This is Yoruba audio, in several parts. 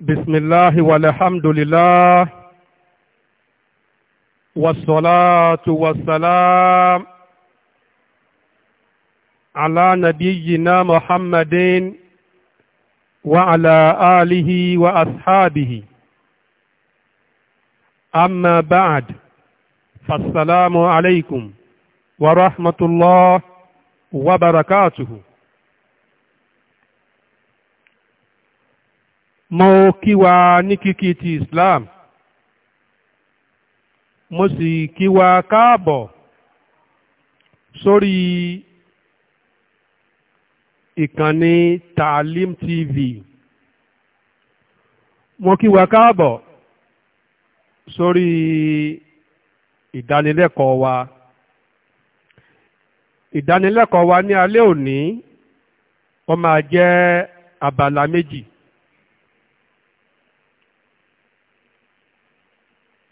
بسم الله والحمد لله والصلاة والسلام على نبينا محمد وعلى آله وأصحابه أما بعد فالسلام عليكم ورحمة الله وبركاته mo kí wa ní kíkí ti Islam mo sì kí wa káàbọ̀ sórí ìkànnì Taalim TV mo kí wa káàbọ̀ sórí ìdánilẹ́kọ̀ọ́ wa ìdánilẹ́kọ̀ọ́ wa ní alẹ́ òní ó máa jẹ́ abala méjì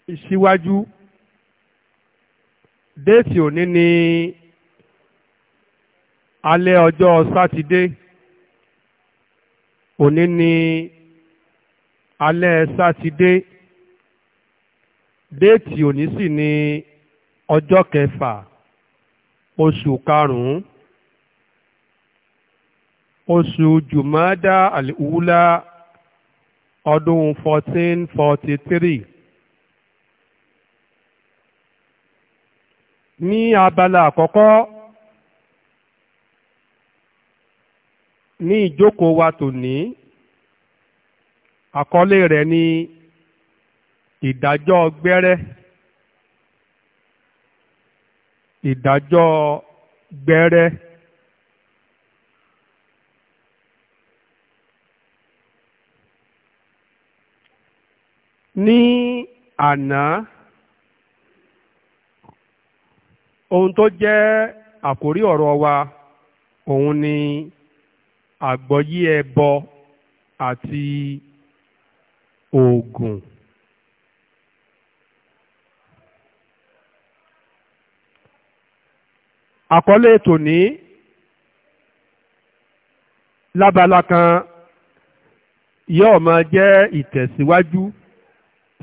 ìṣíwájú déètì òní ni alẹ́ ọjọ́ sátidé òní ni alẹ́ sátidé déètì òní sì ni ọjọ́ kẹfà oṣù karùn-ún oṣù jùmọ́dá àlìhúlá ọdún fourteen forty three. ní abala àkọ́kọ́ ní ìjókòó wa ní, àkọlé rẹ̀ ni ìdájọ́ gbẹ́rẹ́ ìdájọ́ gbẹ́rẹ́ ní àná. ohun tó jẹ́ àkórí ọ̀rọ̀ wa òun ni àgbọ́yé ẹbọ àti oògùn. àkọlé tòní lábala kan yóò máa jẹ́ ìtẹ̀síwájú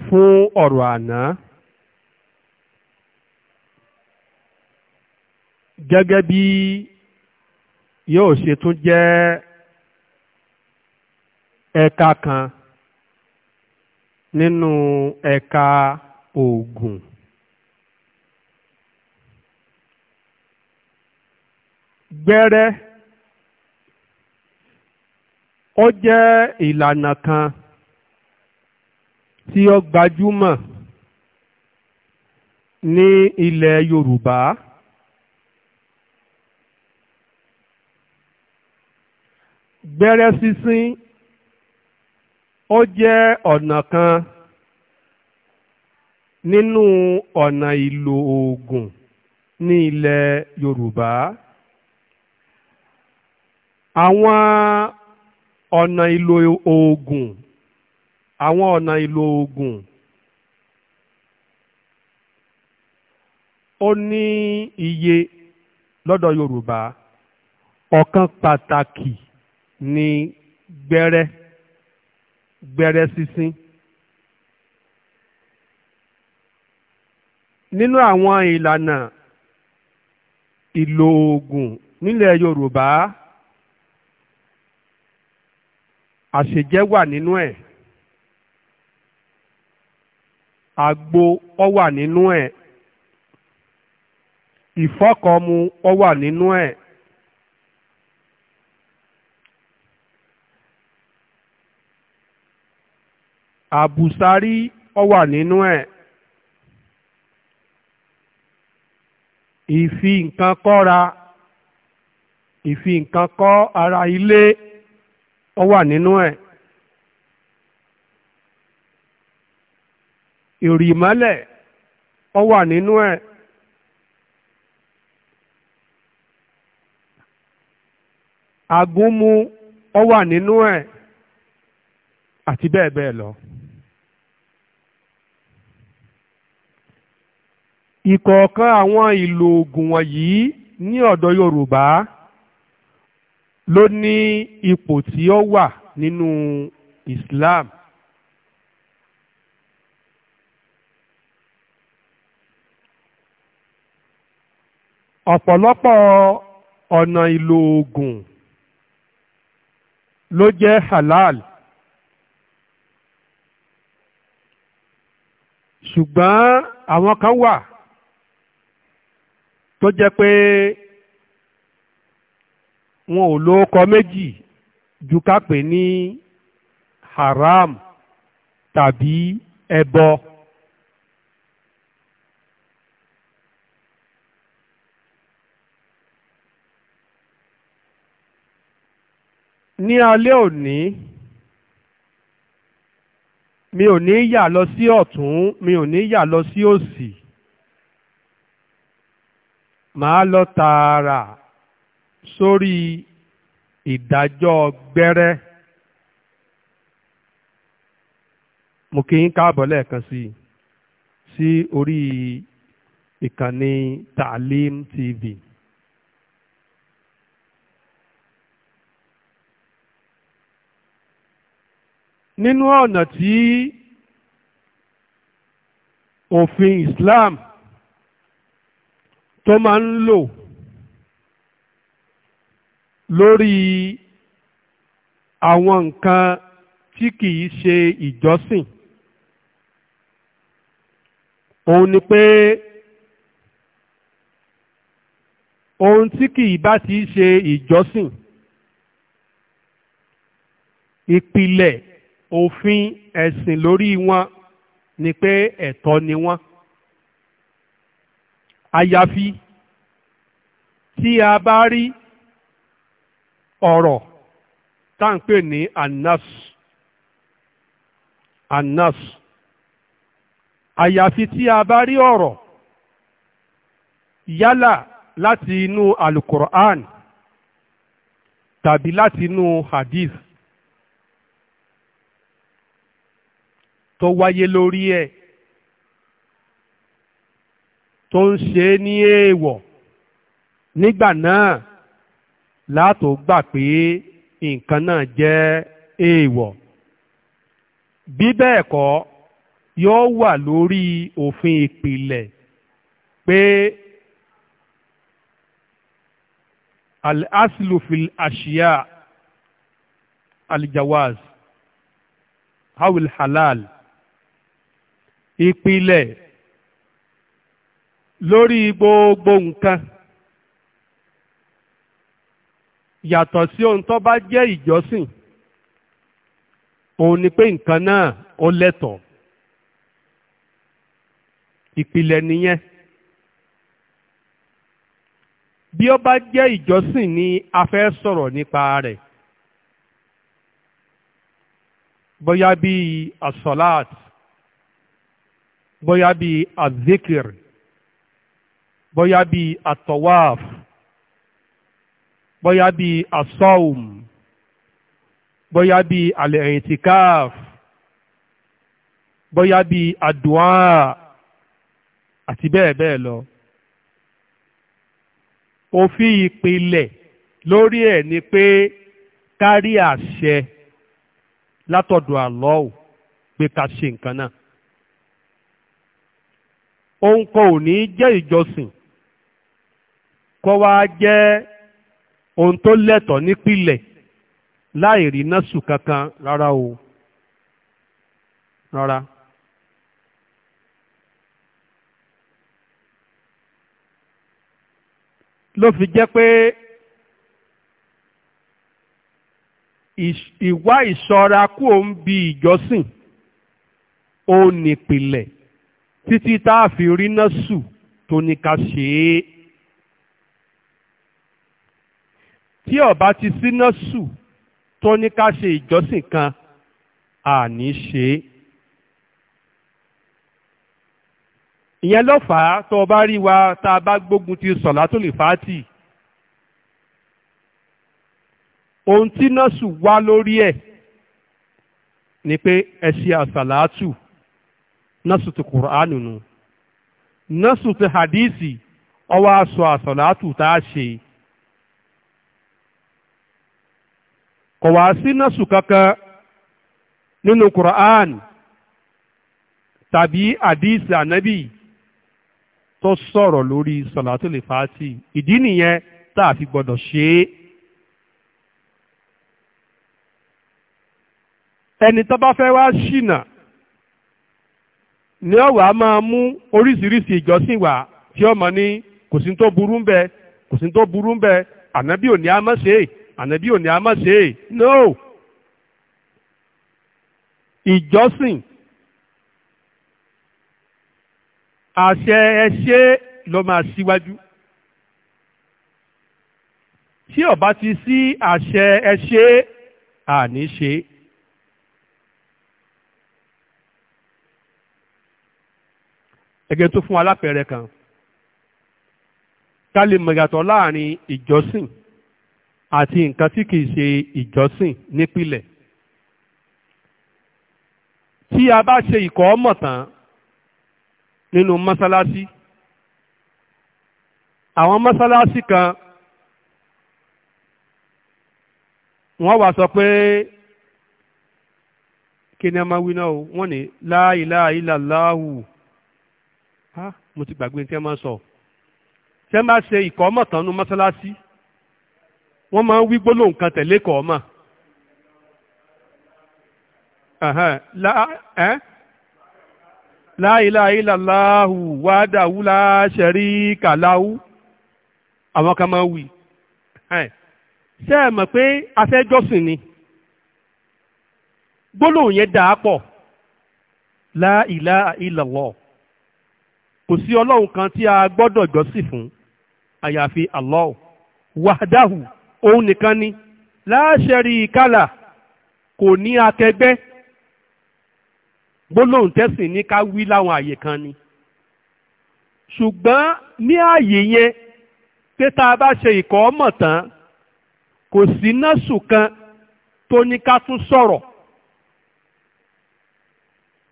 fún ọ̀rọ̀ àná. gẹ́gẹ́ bí yóò ṣe tún jẹ́ ẹ̀ka kan nínú ẹ̀ka oògùn. gbẹ́rẹ́ ó jẹ́ ìlànà kan tí ó gbajúmọ̀ ní ilẹ̀ Yorùbá. gbẹ́rẹ́ sínsín ó jẹ́ ọ̀nà kan nínú ọ̀nà ìlò oògùn ní ilẹ̀ Yorùbá àwọn ọ̀nà ìlò oògùn àwọn ọ̀nà ìlò oògùn ó ní iye lọ́dọ̀ Yorùbá ọ̀kan pàtàkì ni gbẹ́rẹ́ gbẹ́rẹ́ sísín. nínú àwọn ìlànà ìlò oògùn nílẹ̀ Yorùbá àṣejẹ́ wà nínú ẹ̀ àgbo ọ wà nínú ẹ̀ ìfọ́kọmu ọ wà nínú ẹ̀ àbùsárí ó wà nínú ẹ̀ ìfi nǹkan kọ́ra ìfi nǹkan kọ́ ara ilé ó wà nínú ẹ̀ ìrìmọ́lẹ̀ ó wà nínú ẹ̀ agúnmu ó wà nínú ẹ̀ àti bẹ́ẹ̀ bẹ́ẹ̀ lọ. ìkọ̀ọ̀kan àwọn ìlò ògùn wọ̀nyí ní ọ̀dọ̀ Yorùbá ló ní ipò tí ó wà nínú Islam ọ̀pọ̀lọpọ̀ ọ̀nà ìlò ògùn ló jẹ́ halal ṣùgbọ́n àwọn kan wà tó jẹ́ pé wọn ò lo ọkọ méjì ju ká pè ní haram tàbí ẹbọ. ní alẹ́ òní mi ò ní yà lọ sí ọ̀tún mi ò ní yà lọ sí òsì. Si màá lọ tààrà sórí ìdájọ́ gbẹ́rẹ́ mo kí ń káàbọ̀ lẹ́ẹ̀kan sí sí orí ìkànnì Taalim TV. nínú ọ̀nà tí òfin Islam tó máa ń lò lórí àwọn nǹkan tí kìí ṣe ìjọsìn òun ni pé ohun tí kìí bá ti ṣe ìjọsìn ìpìlẹ̀ òfin ẹ̀sìn lórí wọn ni pé ẹ̀tọ́ ni wọ́n àyàfi tí a bá rí ọ̀rọ̀ tá ní anas anas àyàfi tí a bá rí ọ̀rọ̀ yálà láti inú alukur'an tàbí láti inú hadith tó wáyé lórí ẹ̀. E tó ń ṣe é ní èèwọ̀ nígbà náà látò gbà pé nǹkan náà jẹ́ èèwọ̀ bí bẹ́ẹ̀ kọ́ yóò wà lórí òfin ìpìlẹ̀ pé al-aslufil ashiya al halal ìpìlẹ̀ lórí gbogbo nǹkan yàtọ̀ sí ohun tó bá jẹ́ ìjọsìn òun ni pé nǹkan náà ó lẹ́tọ̀ọ́ ìpìlẹ̀ nìyẹn bí ó bá jẹ́ ìjọsìn ni a fẹ́ sọ̀rọ̀ nípa rẹ̀ bóyá bíi asọ́láàt bóyá bíi azikiri bóyá bíi àtọ̀wáàf bóyá bíi asọ́ùm bóyá bíi àlẹ́ ìtìkáàf bóyá bíi àdùá àti bẹ́ẹ̀ bẹ́ẹ̀ lọ. òfin ìpìlẹ̀ lórí ẹ̀ ni pé kárí àṣẹ látọ̀dọ̀ àlọ́ọ̀ pé ká ṣe nǹkan náà. ohun kan ò ní jẹ́ ìjọsìn kó wá jẹ́ ohun tó lẹ́tọ̀ nípìlẹ̀ láì rí násù kankan rárá o rárá. ló fi jẹ́ pé ìwá ìṣọ́ra kú òun bí ìjọsìn òun nìpìlẹ̀ títí tá a fi rí násù tó ní ká ṣe é. tí ọba ti síná sù tó ní ká ṣe ìjọsìn kan àní ṣe é ìyẹn ló fà á tó o rí wa tá a bá gbógun ti sọ̀látòlì fàátì ohun tí nọ́ọ̀sù wá lórí ẹ̀ ni pé ẹ ṣe àsàlátù nọ́ọ̀sù ti kùránù nù nọ́ọ̀sù ti hadísì ọwọ́ aṣọ àsàlátù tá a ṣe. kọwaa wá sí násù kankan nínú Quran tàbí àdíìsì anabi tó sọ̀rọ̀ lórí sọ̀làtòlè fàátì ìdí nìyẹn tá a fi gbọ́dọ̀ ṣe é. ẹni tó bá fẹ́ wá ṣìnà ni ó wá máa mú oríṣiríṣi ìjọsìn wá tí ó mọ̀ ní kò sí tó burú ń bẹ kò sí tó burú ń bẹ ànábì ò ní á mọ̀ ṣe é. ànábì ò ní a má ṣe é no ìjọsìn àṣẹ ẹṣẹ ló máa síwájú tí ó bá ti sí àṣẹ ẹṣẹ àní ṣe. ẹgẹ tó fún alápẹẹrẹ kan ká lè mọ ìyàtọ̀ láàrin ìjọsìn àti nǹkan tí kìí ṣe ìjọsìn nípìlẹ̀ tí a bá ṣe ìkọ́ ọmọ tán nínú mọ́sálásí àwọn mọ́sálásí kan wọ́n wá sọ pé kí ni a máa wí náà wọ́n ní la ilaha illallahu mo ti gbàgbé tí a máa sọ tí a máa ṣe ìkọ́ ọmọ nínú mọ́sálásí wọ́n máa ń wí gbólóhùn kan tẹ̀lé kọ̀ọ̀mà láìláà ìlàláhù wádàwú láṣẹ̀rí kàláhù àwọn kan máa ń wí ṣé ẹ mọ̀ pé afẹ́jọ́sìn ni gbólóhùn yẹn dà á pọ̀ láìláà ìlàlọ́ kò sí ọlọ́run kan tí a gbọ́dọ̀ jọ́sìn fún àyàfi Allah wàdáhù òun nìkan ni láṣẹrí ìkálà kò ní akẹgbẹ́ gbólóhùn tẹ́sìn ní ká wí láwọn àyè kan ni ṣùgbọ́n ní ààyè yẹn pé tá a bá ṣe ìkọ́ ọmọ tán kò sí násù kan tó ní ká tún sọ̀rọ̀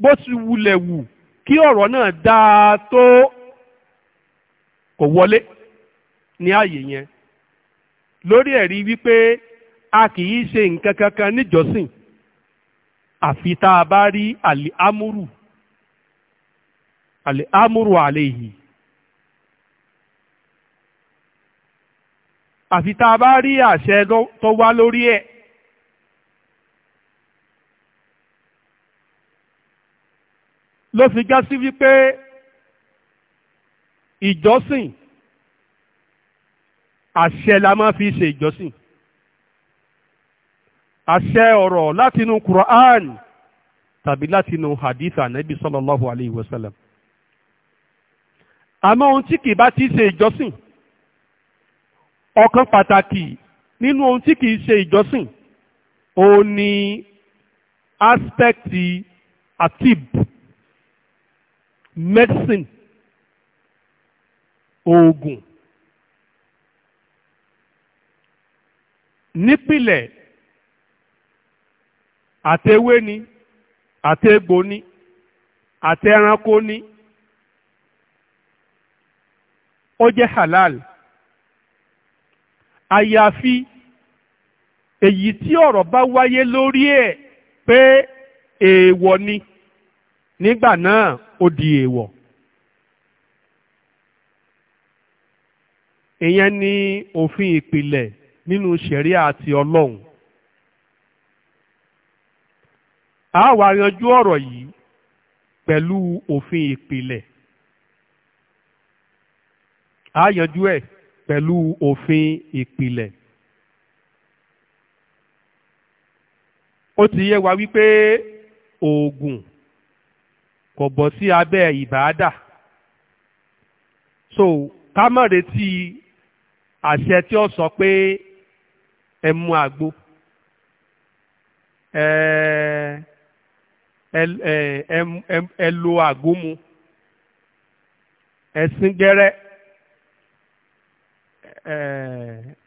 bó ti wulẹ̀ wù kí ọ̀rọ̀ náà dáa tó kò wọlé ní ààyè yẹn lórí ẹ̀rí wípé a kì í ṣe nǹkan kankan níjọ́sìn àfi tá a bá rí àlè amúrù àlè amúrù àlè yìí àfi tá a bá rí àṣẹ tó wá lórí ẹ̀. ló fi já sí wípé ìjọ́sìn àṣẹ la máa fi ṣe ìjọsìn àṣẹ ọ̀rọ̀ látinú Quran tàbí látinú hadith anabi sallallahu alayhi wa sallam àmọ́ ohun tí kì bá ti ṣe ìjọsìn ọ̀kan pàtàkì nínú ohun tí kì ṣe ìjọsìn òun ni aspẹ́kìtì atib medicine oògùn nípìlẹ̀ àtewé ni àtegbò ni àtẹranko ni ó jẹ́ halal àyàfi èyí tí ọ̀rọ̀ bá wáyé lórí ẹ̀ pé èèwọ̀ ni nígbà náà ó di èèwọ̀. ìyẹn ni òfin ìpìlẹ̀ nínú ṣẹ̀ríà àti ọlọ́run a wá yanjú ọ̀rọ̀ yìí pẹ̀lú òfin ìpìlẹ̀ a yanjú ẹ̀ pẹ̀lú òfin ìpìlẹ̀ ó ti yé wa wípé oògùn kò bọ́ sí abẹ́ ìbáadà so ká má retí àṣẹ tí ó sọ pé ẹ mu àgbo ẹ ẹ ẹ ẹ lo àgbo mu ẹ sín gbẹ́rẹ́ ẹ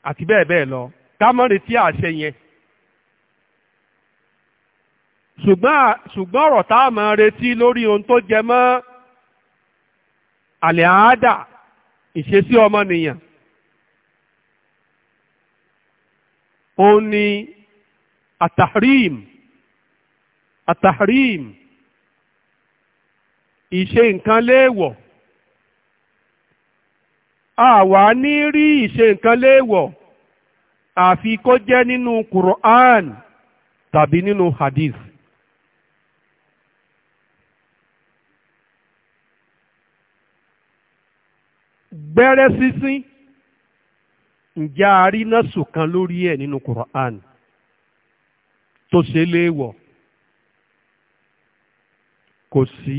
àti bẹ́ẹ̀ bẹ́ẹ̀ lọ dámọ̀rin tí a ṣe yẹn ṣùgbọ́n ṣùgbọ́n ọ̀rọ̀ tá a máa retí lórí ohun tó jẹ mọ́ àlẹ́ àádà ìṣesí ọmọnìyàn òun ni àtàrím àtàrím ìṣe nǹkan léèwọ̀ àwa ní rí ìṣe nǹkan léèwọ̀ àfi kó jẹ́ nínú Qur'an tàbí nínú hadith gbẹ́rẹ́ sísín ǹjẹ́ a rí nọ́ọ̀sù kan lórí ẹ̀ nínú Quran tó ṣe léèwọ̀ kò sí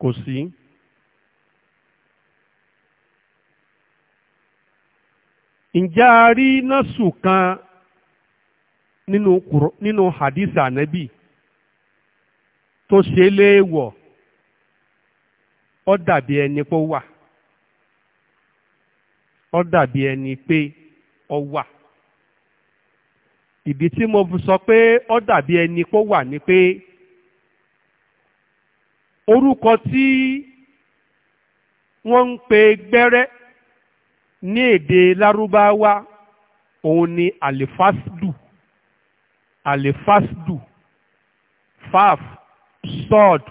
kò sí. ǹjẹ́ a rí nọ́ọ̀sù kan nínú nínú hadith anabi tó ṣe léèwọ̀ ó dàbí ẹni pé ó wà. ó dàbí ẹni pé ó wà ìdí tí mo sọ pé ó dàbí ẹni pé ó wà ni pé orúkọ tí wọ́n ń pe gbẹ́rẹ́ ní èdè lárúbáwá òun ni àlefásdù àlefásdù faf sọ́ọ̀d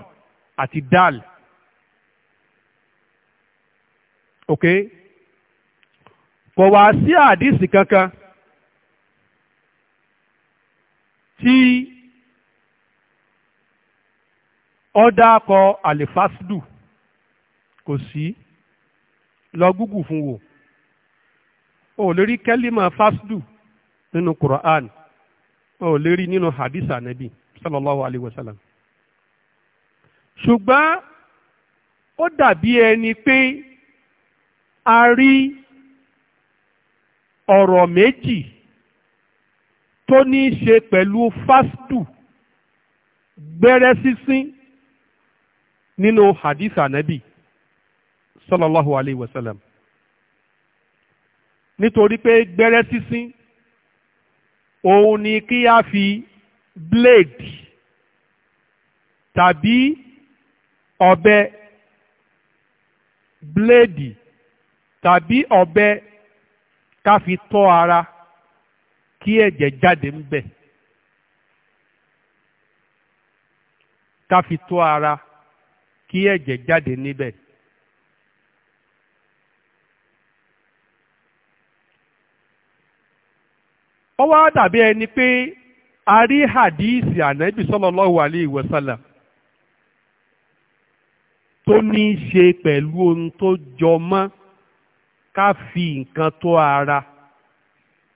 àti dal ok kò wá sí àdísì kankan tí ọ̀dà akọ àlèfásídù kò sí lọ gúgù fún wò o lè rí kẹ́límà fásídù nínú Quran o lè rí nínú hadith anabi sallallahu alaihi wasallam. sallam ṣùgbọ́n ó dàbí ẹni pé a rí ọ̀rọ̀ méjì tó ní í ṣe pẹ̀lú fásitù gbẹ́rẹ́ sísín nínú hadith anabi sallallahu alayhi wa sallam nítorí pé gbẹ́rẹ́ sísín òun ni kí a fi blade tàbí ọ̀bẹ blade tàbí ọ̀bẹ ká fi tọ́ ara kí ẹ̀jẹ̀ jáde ń bẹ̀ ká fi tọ́ ara kí ẹ̀jẹ̀ jáde níbẹ̀. ó wá dàbí ẹni pé a rí hadíìsì ànábì sallallahu alayhi wa tó ní í ṣe pẹ̀lú ohun jọ mọ́ ká fi nǹkan tó ara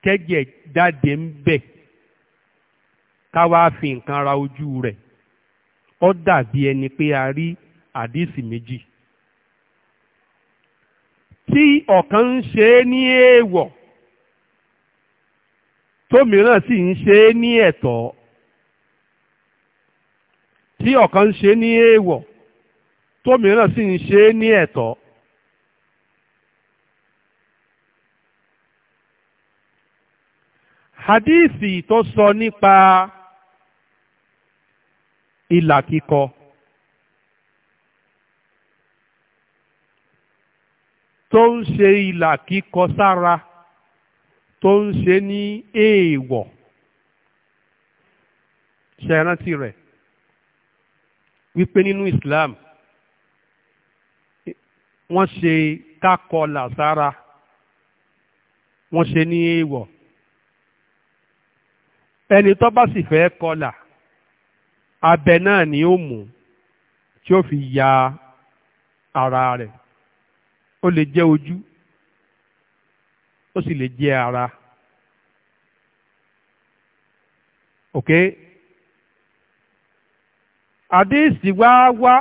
kẹ́jẹ̀ jáde ń bẹ̀ ká wá fi nǹkan ra ojú rẹ̀ ó dàbí ẹni pé a rí àdísì méjì tí ọ̀kan ń ṣe é ní èèwọ̀ tómìíràn sì ń ṣe é ní ẹ̀tọ́ tí ọ̀kan ń ṣe é ní èèwọ̀ tó mìíràn sì ń ṣe é ní ẹ̀tọ́ hadithi tó sọ nípa ìlà kíkọ tó ń ṣe ìlà kíkọ sára tó ń ṣe ní èèwọ̀ ṣẹ̀rántí rẹ̀ wípé nínú Islam wọ́n ṣe kákọlà sára wọ́n ṣe ní èèwọ̀ ẹni tó bá sì fẹ́ kọlà abẹ náà ni ó mú tí ó fi ya ara rẹ̀ ó lè jẹ́ ojú ó sì lè jẹ́ ara ok àdéhìsì wá wá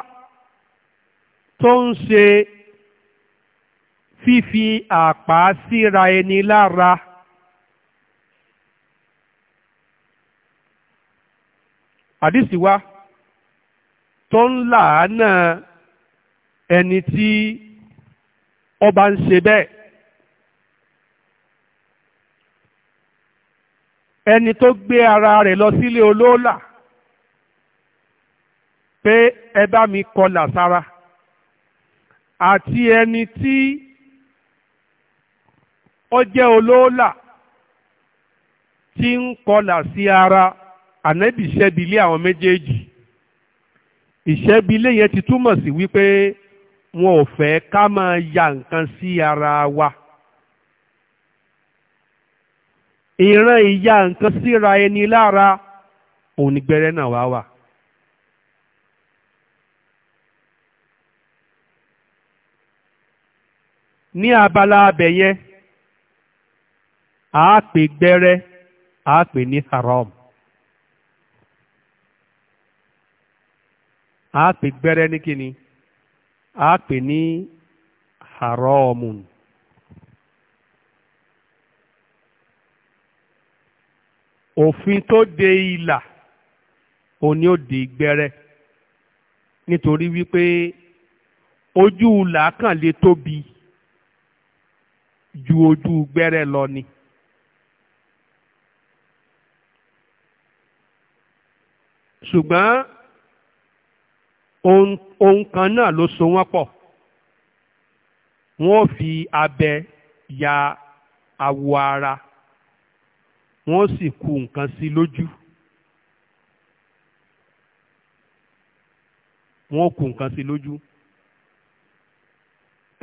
tó ń ṣe fífi àpá síra ẹni lára. àdìsí wa tó ń làánà ẹni tí ọba ń ṣe bẹ́ẹ̀ ẹni tó gbé ara rẹ̀ lọ sílé olóòlà pé ẹ bá mi kọlà sára àti ẹni tí ó jẹ́ olóòlà tí ń kọlà sí ara. ànábì ṣẹ́bi ilé àwọn méjèèjì ìṣẹ́bi ilé yẹn ti túmọ̀ sí wípé wọn ò fẹ́ ká máa ya nǹkan sí ara wa ìran ìya nǹkan síra ẹni lára òun ni gbẹrẹ náà wá wà. ní abala abẹ yẹn a pè gbẹrẹ a pè ní haram. a pè gbẹ́rẹ́ ní kíni a pè ní haramun òfin tó de ìlà òní ó di gbẹ́rẹ́ nítorí wípé ojú ìlà kan lè tóbi ju ojú gbẹ́rẹ́ lọ ni. ṣùgbọ́n ohun kan náà ló so wọ́n pọ̀ wọ́n fi abẹ ya awọ ara wọ́n sì ku nǹkan sí lójú wọ́n ku nǹkan sí lójú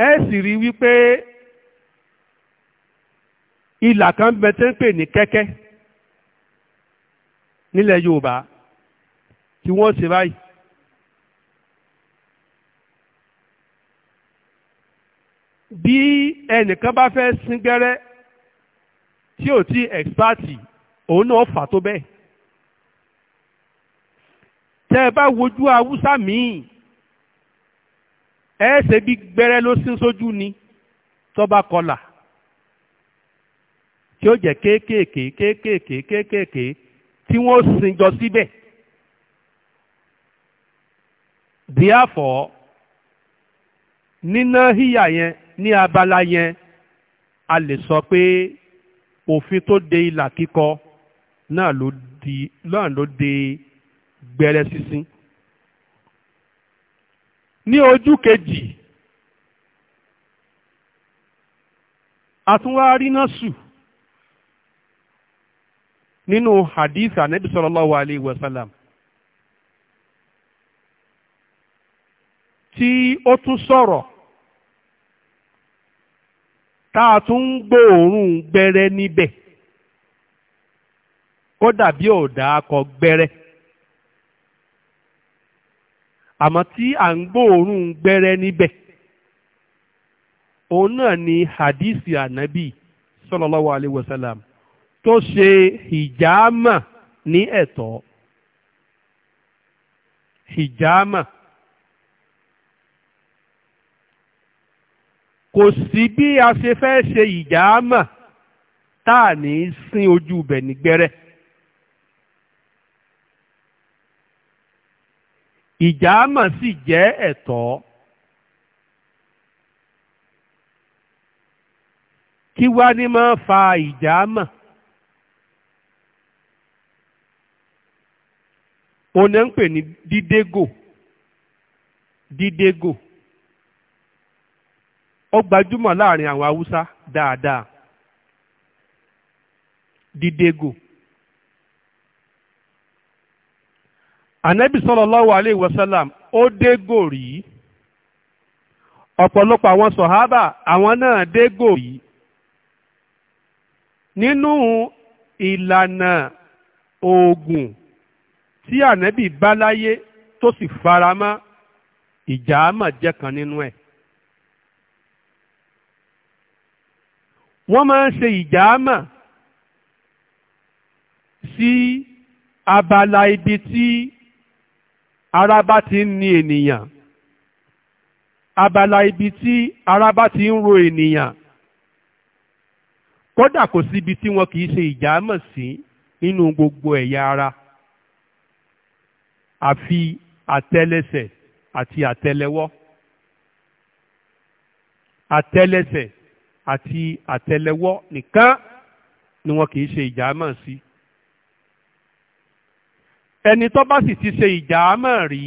ẹ sì rí wípé ìlà kan bẹ tẹ́ ń pè ní kẹ́kẹ́ nílẹ̀ Yorùbá tí wọ́n ṣe báyìí bí ẹnìkan bá fẹ́ sín gbẹ́rẹ́ tí ò tí ẹ̀xpáàtì òun náà fà tó bẹ́ẹ̀ tẹ́ ẹ bá wojú haúsá míì ẹ ṣe bí gbẹ́rẹ́ ló sín sójú ni tó bá kọlà tí ó jẹ́ kéékèèké kéékèèké kéékèèké tí wọ́n sin jọ síbẹ̀ díàfọ̀ níná híyà yẹn ní abala yẹn a lè sọ pé òfin tó de ìlà kíkọ náà ló di náà ló de gbẹrẹ sísín ní ojú kejì àtúnwárí náà sùn nínú hadith anabi sallallahu alayhi wa sallam tí ó tún sọ̀rọ̀ tá tún ń gbòòrùn o níbẹ̀ kódà bí ò dáa kọ àmọ́ tí à ń gbòòrùn níbẹ̀ òun náà ni hadisi anabi sallallahu alaihi tó ṣe hijama ní ẹ̀tọ́ hijama. kò sí bí a ṣe fẹ́ ṣe ìjàámà tá à ní sín ojú ibẹ̀ nígbẹ́rẹ́. ìjàámà sì jẹ́ ẹ̀tọ́. kí wá ní máa fa ìjàámà. òun náà ń pè ní dídégò dídégò. ó gbajúmọ̀ láàrin àwọn haúsá dáadáa dídégò ànábì sallallahu alayhi wa sallam ó dégò rí ọ̀pọ̀lọpọ̀ àwọn sọ̀hábà àwọn náà dégò rí nínú ìlànà oògùn tí ànábì bá láyé tó sì faramọ́ ìjàámọ̀ jẹ́ kan nínú ẹ̀ wọ́n máa ń ṣe ìjàámà sí abala ibi tí ara bá ti ń ni ènìyàn abala ibi tí ara bá ti ń ro ènìyàn kódà kò síbi tí wọn kì í ṣe ìjàámà sí nínú gbogbo ẹ̀yà ara àfi àtẹ́lẹsẹ̀ àti àtẹ́lẹwọ́ àtẹ́lẹsẹ̀ àti àtẹ́lẹwọ́ nìkan ni wọn kì í ṣe ìjàmọ̀ sí ẹni tó bá sì ti ṣe ìjàmọ̀ rí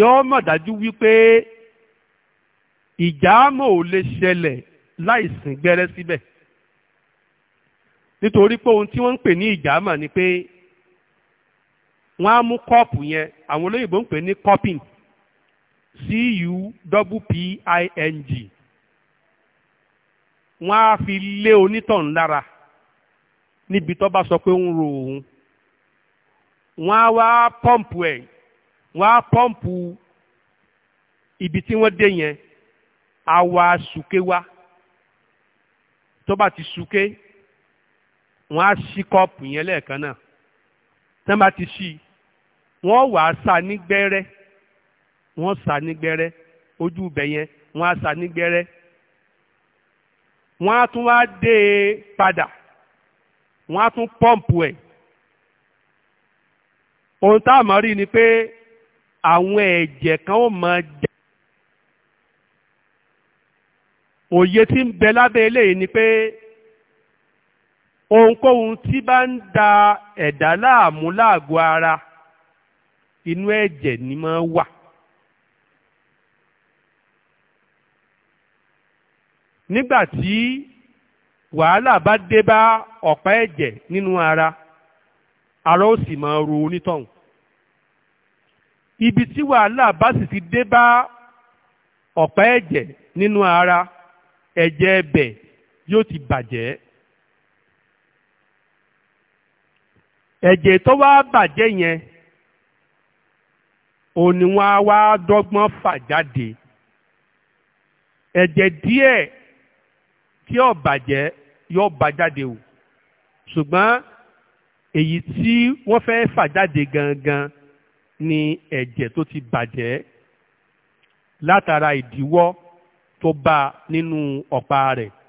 yóò mọ̀ dájú wípé ìjàmọ̀ ò lè ṣẹlẹ̀ láìsìn gbẹ́rẹ́ síbẹ̀ nítorí pé ohun tí wọ́n ń pè ní ìjàmọ̀ ni pé wọ́n á mú kọ́ọ̀pù yẹn àwọn olóyìnbó ń pè ní cupping c u p i n g wọ́n á fi lé onítọ̀hún lára níbi tó bá sọ pé ń ro òun wọ́n á wá pọ́ǹpù ẹ̀ wọ́n á pọ́ǹpù ibi tí wọ́n dé yẹn àwa sùké wá tó bá ti sùké wọ́n á ṣí kọ́ọ̀pù yẹn lẹ́ẹ̀kan náà tí bá ti ṣí wọ́n wà á sá ní wọ́n sá ní ojú ibẹ̀ yẹn wọ́n á sá ní wọ́n á tún wá dé e padà wọ́n á tún pọ́ǹpù ẹ̀ ohun tá a máa rí ni pé àwọn ẹ̀jẹ̀ kan ó máa jà òye tí ń bẹ lábẹ́ eléyìí ni pé ohunkóhun tí bá ń da ẹ̀dá láàmú láàgọ́ ara inú ẹ̀jẹ̀ ni máa wà nígbà tí wàhálà bá dé bá ọ̀pá ẹ̀jẹ̀ nínú ara ara ó sì máa ro onítọ̀hún ibi tí wàhálà bá sì ti dé bá ọ̀pá ẹ̀jẹ̀ nínú ara ẹ̀jẹ̀ ẹbẹ̀ yóò ti bàjẹ́ ẹ̀jẹ̀ tó wá bàjẹ́ yẹn òní wọn wá dọ́gbọ́n fà jáde ẹ̀jẹ̀ díẹ̀ tí ó bàjẹ́ yóò bà jáde o ṣùgbọ́n èyí tí wọ́n fẹ́ fà jáde gangan ni ẹ̀jẹ̀ tó ti bàjẹ́ látara ìdíwọ́ tó bá nínú ọ̀pá rẹ̀.